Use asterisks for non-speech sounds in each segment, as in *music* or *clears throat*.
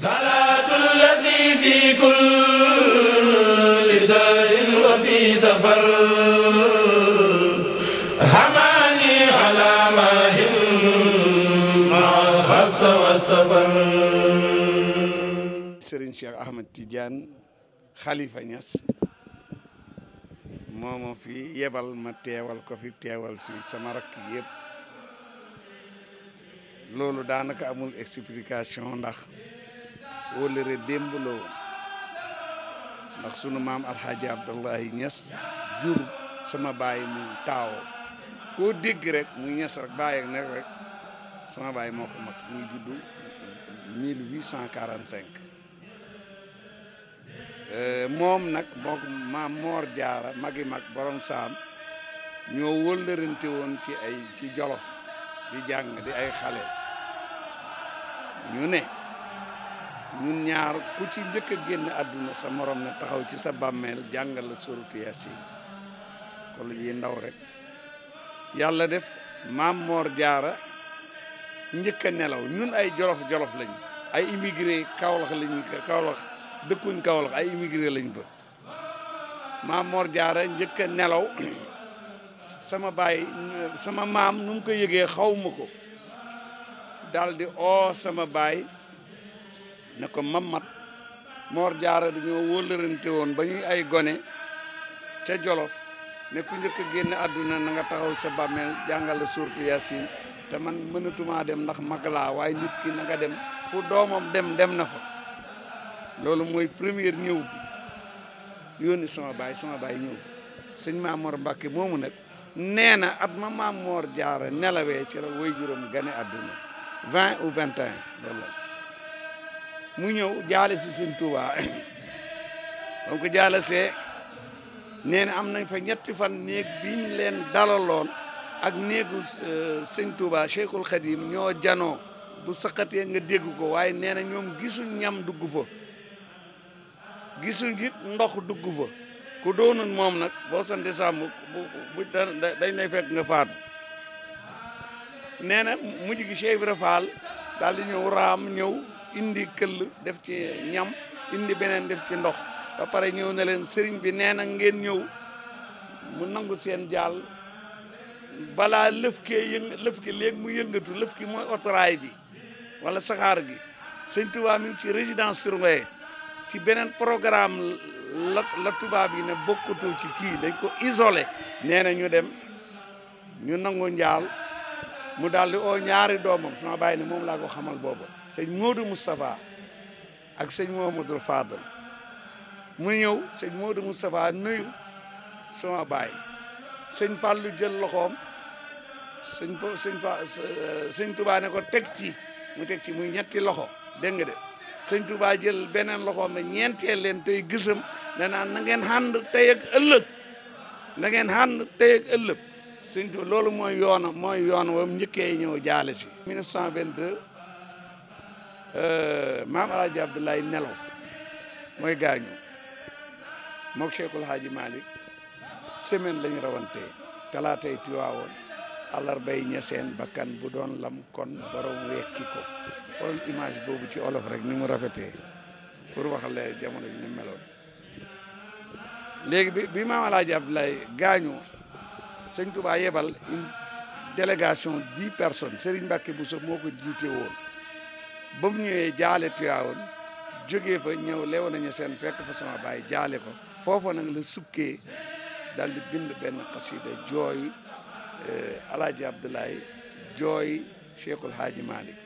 صلاة الذي في كل سهر وفي سفر حماني على ماهن مع الحس والسفر Serigne Cheikh Ahmed Tidiane Khalifa Niass moomu fi yebal ma teewal ko fi teewal fi sama rakk yëpp loolu daanaka amul explication ndax wolere démb la woon ndax sunu maam alxaaji abdallahi ñes jur sama baye mu taw ko deg rek mu ñes rek baye nek rek sama baye moko mak mu muy juddu 1845 mom nak bok ma mor jaara magi mak borom sam, ñoo wëllërante won ci ay ci jolof di jang di ay xalé ñu ne ñun ñaar ku ci njëkk a génn àdduna sa moroom na taxaw ci sa bàmmeel jàngal la suratu yasin xol yi ndaw rek yàlla def maam moor jaara njëkk a nelaw ñun ay jolof-jolof lañ ay immigré kawlax lañ kawlax dëkkuñ kawlax ay immigré lañ ba maam moor jaara njëkk a nelaw *clears throat* sama baay sama maam num mu ko yëgee xaw ko daldi di oo sama baay ne ko mammat moor jaara dañoo wóllërante woon ba ñuy ay gone ca jolof ne ku njëkk a génn àdduna na nga taxaw sa bàmmeel jàngal la suurtu yaasin te man mënatumaa dem ndax mag laa waaye nit ki na nga dem fu doomam dem dem na fa loolu mooy première ñëw bi yónni sama baay sama baay ñëw sëñ Maamoor Mbàkke moomu nag nee na at ma maam Maamoor Jaara nelawee ci la way juróom gane àdduna vingt ou vingt et mu ñëw jaale si sëñ Tuuba ba ko jaale see nee am nañ fa ñetti fan néeg biñ leen dalaloon ak néegu euh, sëñ Tuuba Cheikhul Khadim ñoo janoo bu saqatee nga dégg ko waaye nee na ñoom gisuñ ñam dugg fa gisuñ it ndox dugg ku doonul moom nag boo sante sàmm bu bu dañ fekk nga faatu nee na mujj gi Cheikh Ibra Fall daal di ñëw raam ñëw indi këll def ci ñam indi beneen def ci ndox ba pare ñëw ne leen sëriñ bi nee na ngeen ñëw mu nangu seen jaal balaa lëf kee lëf ki léegi mu yëngatu lëf ki mooy otoraay bi wala saxaar gi sëñ Touba mi ci résidence surveillée ci beneen programme la tubaab yi ne bokkatu ci kii dañ ko isole nee ñu dem ñu nangu njaal mu daal di oo ñaari doomam sama bàyyi ne moom laa ko xamal boobu sëñ Modou Moustapha ak sëñ Mouhamadul Fadal mu ñëw sëñ Modou Moustapha nuyu sama bàyyi sëñ Fallou jël loxoom sëñ sëñ sëñ Touba ne ko teg ci mu teg ci muy ñetti loxo dégg nga de sëñ tubaa jël beneen loxoom ne ñeenteel leen tey gisam ne naa na ngeen ànd tey ak ëllëg na ngeen ànd tey ak ëllëg sëñ loolu mooy yoonam mooy yoon wam njëkkee ñëw jaale si vingt euh, maam alaaji Abdoulaye nelaw mooy gaañu mook Cheikhul Haaji Malick semaine lañu rawante talaatay Tiwaawoon àllarbay ñeseen bakkan bu doon lam kon borom wekki ko xool image boobu ci olof rek ni mu rafetee pour waxal jamono ji ni meloon léegi bi bi maam gaañu sëñ Touba yebal une délégation dix personnes Serigne Mbacke Bousso moo ko jiite woon ba mu ñëwee jaale Tiwaawoon jógee fa ñëw leew nañu seen fekk fa sama baay jaale ko foofa nag la sukkee dal di bind benn xasida jooy eh, Alaaji Abdoulaye jooy Cheikhul Haaji Malick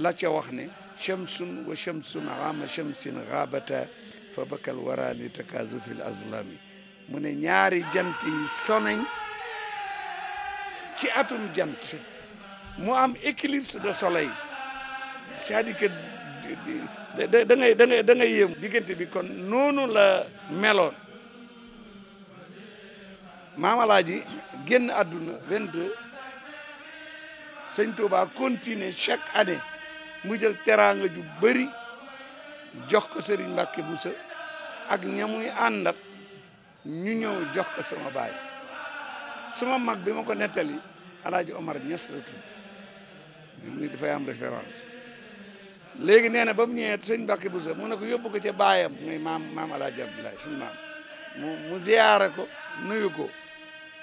la ca wax ne shamsun wa shamsun ama shamsin xaabata fa bakal wara li takazufi mu ne ñaari jant yi sonañ ci atum jant mu am éclipse de soleil c'est-à-dire que da ngay da ngay diggante bi kon noonu la meloon maamalaaji génn àdduna 22 sëñ Touba continuer chaque année mu jël teraanga ju bëri jox ko Serigne Mbacke Bousso ak ñamuy àndat ñu ñëw jox ko sama baay sama mag bi ma ko nettali alaaji Omar Niass dafay am léegi nee na ba mu ñëwee sëñ Mbàkke Buso mu ne ko yóbbu ko ca baayam muy maam maam alaaji Abdoulaye maam mu mu ziyaara ko nuyu ko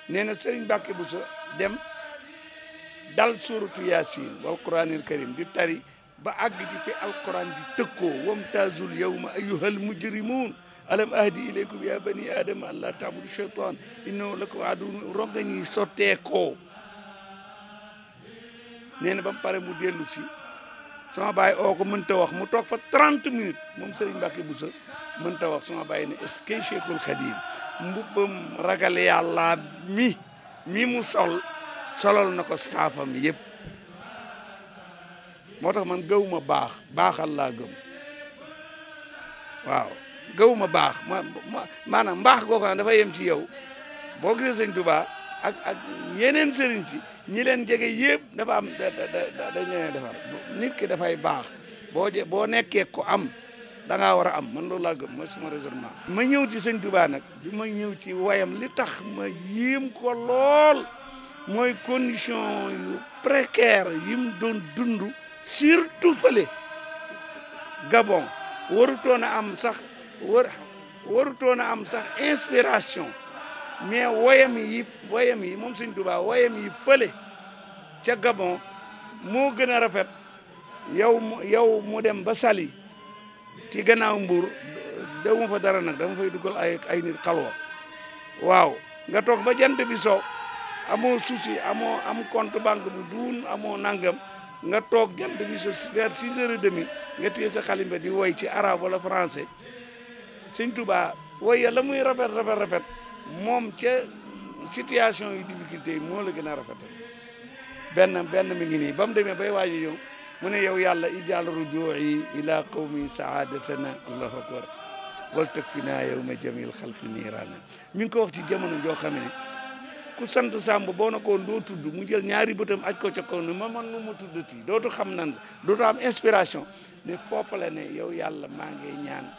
nee na sëñ Mbàkke Buso dem dal suuratu yaasin wal quraanil karim di tari ba àgg ci fi alquran di tëkkoo wamtaazul yawma ayyuhal mujrimuun alam ahdi ilaykum ya bani adama allah taabudu cheytan innahu lakum aduwwun rongañ yi sotteekoo nee na ba pare mu dellu si sama baay oo mënta wax mu toog fa 30 minutes moom Serigne Mbacke Bousso mënta wax sama baay ne est-ce que Cheikhul Khadim mbubbam ragal yàlla mi mi mu sol solol na ko staafam yëpp moo tax man gëwuma baax baaxal laa gëm waaw gawuma baax ma maanaam mbaax goo xam ne dafa yem ci yow boo gisee sëñ Tuubaa ak ak yeneen sëriñ si ñi leen jege yëpp dafa am da dañ leen defar nit ki dafay baax boo je boo nekkee ko am da ngaa war a am man loolu laa gëm mooy suma raisonnement ma ñëw ci sëñ Tuubaa nag di ma ñëw ci wayam li tax ma yéem ko lool mooy condition yu précaire yi don doon dund surtout fële Gabon warutoon a am sax war warutoon am sax inspiration mais woyam yi woyam yi mom seigne touba woyam yi fële ca Gabon mo gëna rafet yow yow mu dem ba sali ci gannaaw mbour dew fa dara nak dama fay duggal ay ay nit xalwa waaw nga tok ba jant bi so amo souci amo am compte banque bu dun amo nangam nga tok jant bi so vers 6h30 demi nga téye sa xalimbe di woy ci arabe wala français sëñ Touba waaye la muy rafet rafet rafet moom ca situation yu difficulté yi moo la gën a rafet benn benn mi ngi nii ba mu demee bay waaj a mu ne yow yàlla ijaal rujuu'i ila qawmi saadatana allahu akbar wal takfina yawma jamil xalqi niiraana mi ngi ko wax ci jamono joo xam ne ku sant Samb boo na koon doo tudd mu jël ñaari bëtam aj ko ca kaw ne ma man nu mu tuddati dootu xam nan dootu am inspiration ne foofu la ne yow yàlla maa ñaan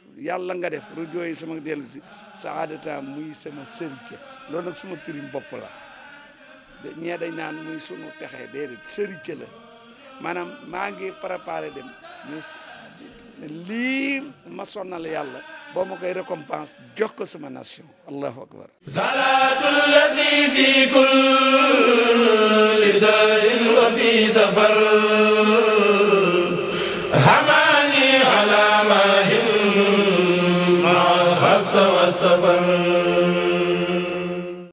yàlla nga def rajo yi sama dellu si saadata muy sama sërite loolu nag suma prime bopp la ñee dañ naan muy sunu pexe déedéet sërite la maanaam maa ngi préparé dem mais lii ma sonnal yàlla boo ma koy récompense jox ko sama nation allahu akbar